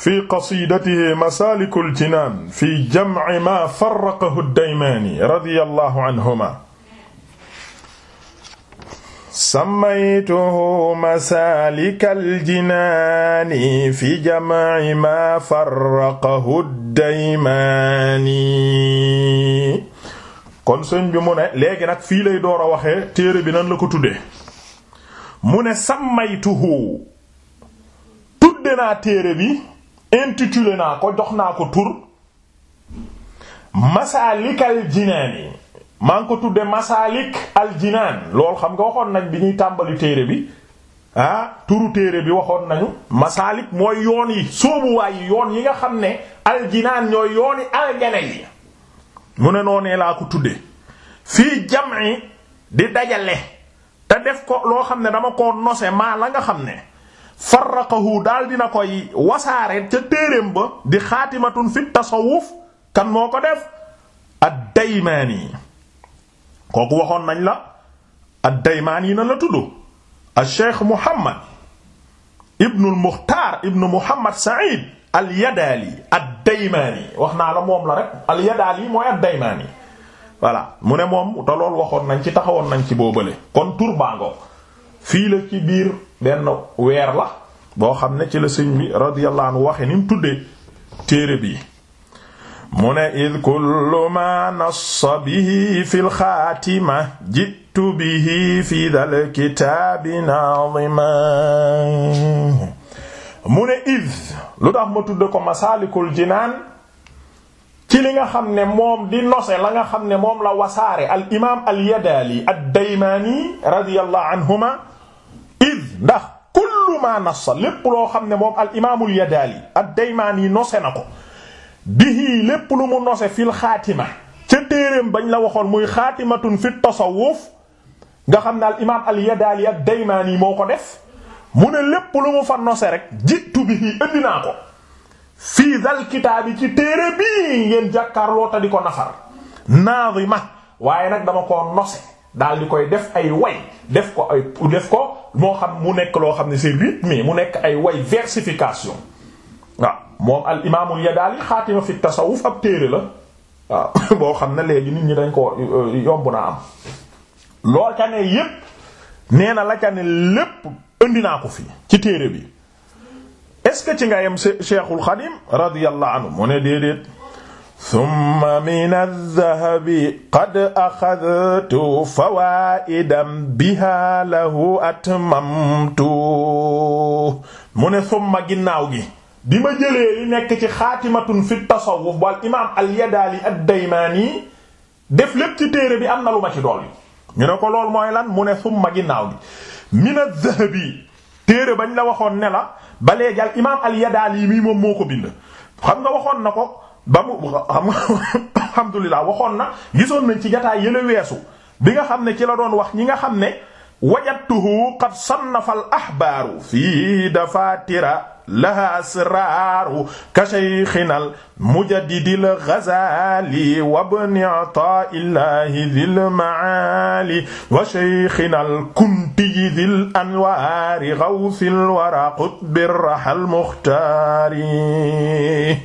fi qasidatihi masalikul jinaan fi jamci ma farraqahu daymaani radiyallahu anhuma sammaytuhu masalikal jinaani fi jamci ma farraqahu daymaani kon sëñ bi mu ne léegi nag fii lay door a waxee téere bi nan la ko tuddee mu ne sammaytuhu tudde naa téere bi intitulé naa ko jox naa ko tur masaalik al jinaan yi maa ngi ko tudde masalik al jinaan loolu xam nga waxoon nañ bi ñuy tàmbali téere bi ah turu téere bi waxoon nañu masalik mooy yoon yi sóobuwaay yi yoon yi nga xam ne al jinaan ñooy yooni aljana yi mu ne noonee laa ko tudde fii jam'i di dajale te def ko loo xam ne dama ko nose maa la nga xam ne farraqahu daal dina koy wasaare ca téereem ba di xaatimatu fi tasawuf kan moo ko def ad-Daymaani kooku waxoon nañ la ad-Daymaani na la tudd al-Cheikh Muhammad ibn al-Mukhtar ibn Muhammad Sa'id al-Yadaali ad-Daymaani wax naa la moom la rek al-Yadaali mooy ad-Daymaani voilà mu ne moom te loolu waxoon nañ ci taxawoon nañ ci boobale kon turbaango fii la ci biir benn weer la boo xam ne ci la sëñ bi radiyallahu anhu waxe ni mu tuddee téere bi mu ne id kullu ma nassa bihi fi lxaatima jitu bihi fi dal kitaabi naadima mu ne id lu tax ma tudd ko masaalikul jinaan ci li nga xam ne moom la nga xam ne moom la wasaare al imaam al yadaali ad daymaani radiyallahu anhuma ndax kullu ma nassa lépp loo xam ne moom al imaamul yadaali ad-Daymaani nose na ko bihi lépp lu mu nose fil xaatima ca téereem bañ la waxoon muy xaatimatun fi tasawuf nga xam ne al imaam yadaali ad-Daymaani moo ko def mu ne lépp lu mu fa nose rek jitu bihi indi naa ko fii dal kitaabi ci téere bii ngeen jàkkaarloo ta di ko nafar naadima waaye nag dama koo nose daal di koy def ay way def ko ay def ko moo xam mu nekk loo xam ne c'est rythmé mu nekk ay way versification waaw moom al imaamul Yadaali xaatima fi tasawuf ab téere la waaw boo xam na léegi nit ñi dañ ko euh, yomb naa am lool ca ne yépp nee na la ca ne lépp indi naa ko fi ci téere bi est-ce que ci nga yem Cheikhul Xadim radiyallahu anhu mu déedéet summa min aldahabi qad axadtu fawaidan biha lahu atmamtu mu ne summa ginnaaw gi bi ma jëlee li nekk ci xaatimatun fi tasawuf wal imam alyadaali addaymaani def lépp ci téere bi am na lu ma ci dool yi ñu ne ko lool mooy lan mu ne summa ginnaaw gi min aldahabi téere bañ la waxoon ne la ba léegi al imam alyadaali mii moom moo ko bind xam nga waxoon na ko ba mu xam alhamdulilah waxoon na gisoon nañ ci jataay yële weesu bi nga xam ne ci la doon wax ñi nga xam ne wajadtuhu qad sannafa al ahbaaru fii dafatira laha asraaru ka shaykhina al mujaddidi al ghazali wa ibni ataa'illahi dhil ma'ali wa shaykhina al kunti dhil anwaari ghawthil wara qutbir rahal mukhtaari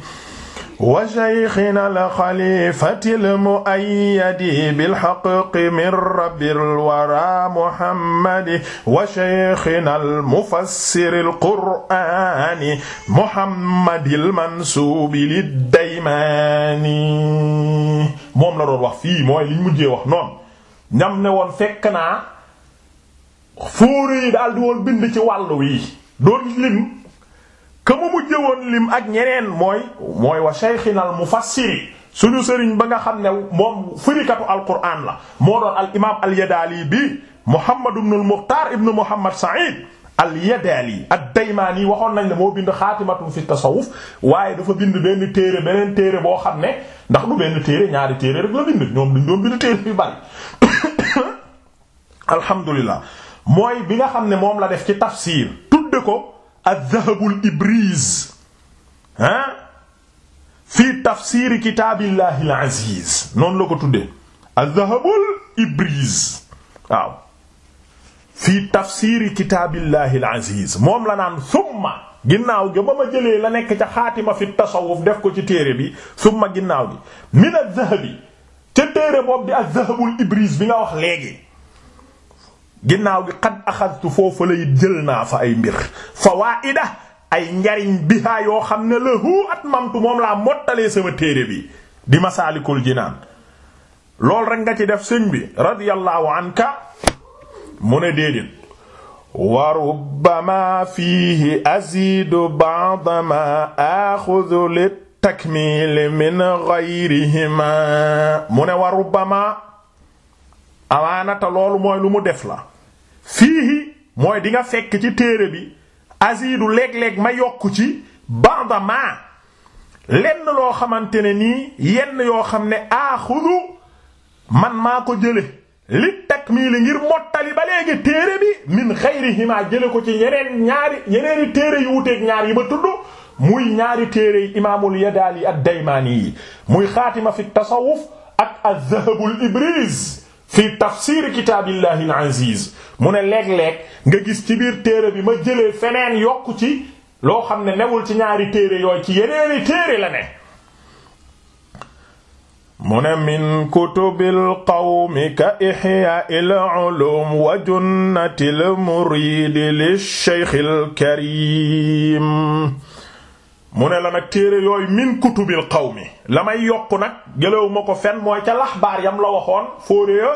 wa sheykhina alxalifati almuayyadi bilxaqi min rabbil wara muhammadi wa sheykhina almufassiri alqur'ani muhammadi almansuubi liddaymaani moom la doon wax fii mooy liñ mujjee wax noonu ñam ne woon fekk naa fóore yi daal di woon bind ci wàllu wi doon lim ka mu mujje woon lim ak ñeneen mooy mooy wa shaykhina al mufassiri suñu sëriñ ba nga xam ne moom firikatu alquran la moo doon al imaam al yadaali bi muhammad ibn al mukhtar ibn muhammad sa'id al yadaali ad daymaani waxoon nañ la moo bind xaatimatun fi tasawuf waaye dafa bind benn téere beneen téere boo xam ne ndax du benn téere ñaari téere rek la bind ñoom duñ doon bind téere yu bari alhamdulillah mooy bi nga xam ne moom la def ci tafsir tudde ko addahabul ibriz ah fii tafsiri kitaabillahi al aziz noonu la ko tuddee addahabul ibriz waaw fii tafsiri kitaabillahi al aziz moom la naan summa ginnaaw gi ba ma jëlee la nekk ca xaatima fi tasawuf def ko ci téere bi summa ginnaaw gi min addahabi ca téere boobu di addahabul ibris bi nga wax léegi ginnaaw gi xad axadtu foofu lay jël naa fa ay mbir fawaida ay njariñ bihaa yoo xam ne lahu at mamtu moom laa mottalee sama téere bi di masaalikul jinaan loolu rek nga ci def sëñ bi radiyallahu anka mu ne déedéet wa rubbama fiihi azidu ba'da ma axudu li takmil min ghayrihima mu ne wa rubbama amaanata loolu mooy lu mu def la fiihi mooy dinga fekk ci téere bi azidu léeg-léeg ma yokku ci ba'da lenn loo xamante ne nii yenn yoo xam ne aaxudu man maa ko jële li takmiili ngir mottali ba léegi téere bi min xayrihima jële ko ci yeneen ñaari yeneeni téere yu wuteeg ñaar yi ba tudd muy ñaari téere yi imaamul yadaali ak daymaani yi muy xaatima fi tasawuf ak az-zahabul ibriz fii tafsir kitaabillahi al-aziz mu ne léeg-léeg nga gis ci biir téere bi ma jëlee feneen yokk ci loo xam ne newul ci ñaari téere yooyu ci yeneeni téere la ne mu ne min kutubil qawmi ka ihya'il ulum wa junnatil muridi lish-shaykhil karim mu ne la nag téere yooyu min kutubil mi la may yokk nag gëlawu ma ko fen mooy ca laxbaar yam la waxoon fóoréya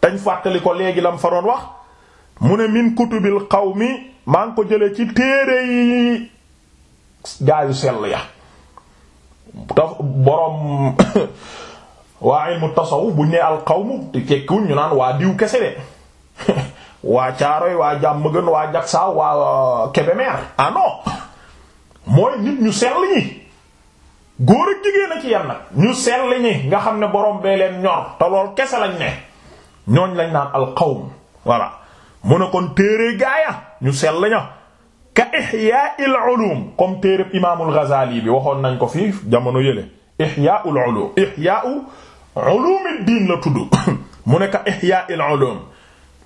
tañ fàttali ko léegi lam fa doon wax mu ne min kutubil mi maa ngi ko jële ci téere yi gaayu sell ya taf boroom waa ilmu tasawuf buñ ne al qawmu te tekkiwuñ ñu naan waa diw kese de waa caaroy waa jàmm gën waa jaksaaw waa Kébémer ah non mooy nit ñu sell ñi góor ak jigéen a ci yam nag ñu sell ñi nga xam ne borom bee leen ñor te lool kese lañ ne ñooñ lañ naan alqawm voilà mu ne kon téere gaaya ñu sell ña ka ihyaa'il ulum comme téere imaamul Ghazali bi waxoon nañ ko fii jamono yële ihyaa'ul ulum ihyaa'u ulumuddin la tudd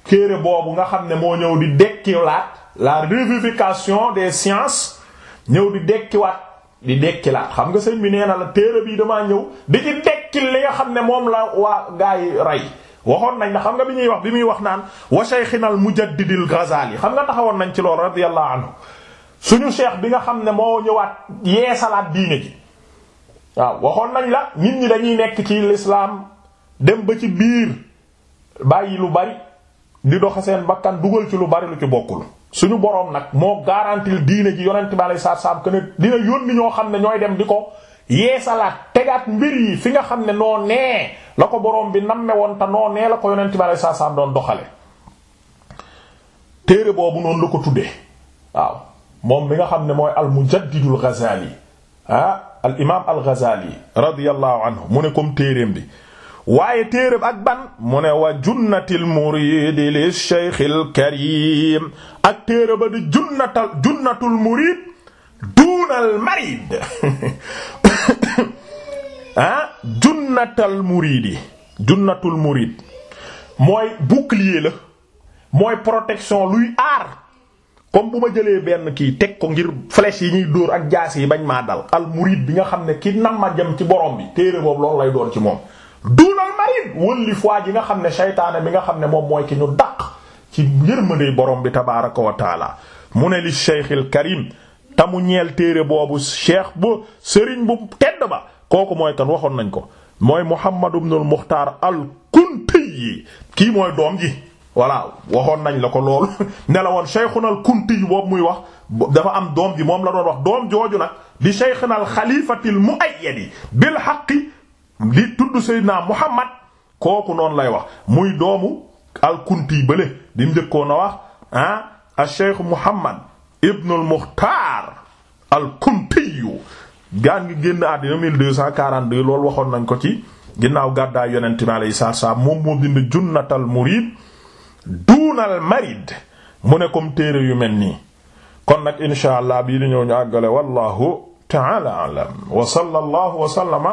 téere boobu nga xam ne moo ñëw di dekkilaat la revivification des sciences ñëw di dekkiwaat di dekkilaat xam nga sëñ bi nee na la téere bii damaa ñëw di ci dekkil li nga xam ne moom la waa gaa yi rey waxoon nañ la xam nga bi ñuy wax bi muy wax naan wa shaykhina al mujaddidil Ghazali xam nga taxawoon nañ ci loolu radiyallahu anhu suñu cheikh bi nga xam ne moo ñëwaat yeesalaat diine ji waaw waxoon nañ la nit ñi dañuy nekk ci lislaam dem ba ci biir bàyyi lu bari di doxe seen bakkan dugal ci lu bari lu ci bokkul suñu boroom nag moo garantil diine ji yonent bi alei saatu salaam que dina yónni ñoo xam ne ñooy dem di ko yeesalaat tegaat mbir yi fi nga xam ne noo nee la ko boroom bi namme woon te noo nee la ko yonent bi alei saatu salaam doxale téere boobu noonu la ko tuddee waaw moom bi nga xam ne mooy al mujaddidul Ghazali ah al imaam al Ghazali anhu mu ne comme téereem bi waaye téere téereb ak ban mu ne wa junnatil muridi li shaykhil karim ak téere ba di junnatal junnatul murid duunal marid ah junnatal muridi junnatul murid mooy bouclier la mooy protection luy aar comme bu ma jëlee benn kii teg ko ngir flèche yi ñuy dóor ak jaas yi bañ maa dal al murid bi nga xam ne ki nam ma jëm ci borom bi téere boobu loolu lay doon ci moom duulal marid wëlli fois yi nga xam ne seytaane bi nga xam ne moom mooy ki ñu daq ci yërmandey borom bi tabaaraka wa mu ne li sheykhil karim tamu ñeel téere boobu cheikh bu sëriñ bu tedd ba kooku mooy kan waxoon nañ ko mooy Muhammad ibnul Muxtaar al Kunti kii mooy doom ji voilà waxoon nañ la ko loolu ne la woon Shaykhuna al boobu muy wax dafa am doom ji moom la doon wax doom jooju nag di Shaykhuna al Xaliifatil Muayyadi bil haqqi li tudd Seydina Muhammad kooku noonu lay wax muy doomu al-Kunti bële di njëkkoon a wax ah al-Cheikh Muhammad ibn al-Mukhtar gaan ngi génn àddina 1242 waxoon nañ ko ci ginnaaw gàddaay yonent bi alayhi salaatu salaam moom moo bind junnatal murid duunal marid mu ne comme téere yu mel nii kon nag insha allah bii di ñëw ñu àggale wallahu ta'ala a'lam wa sallallahu wa sallama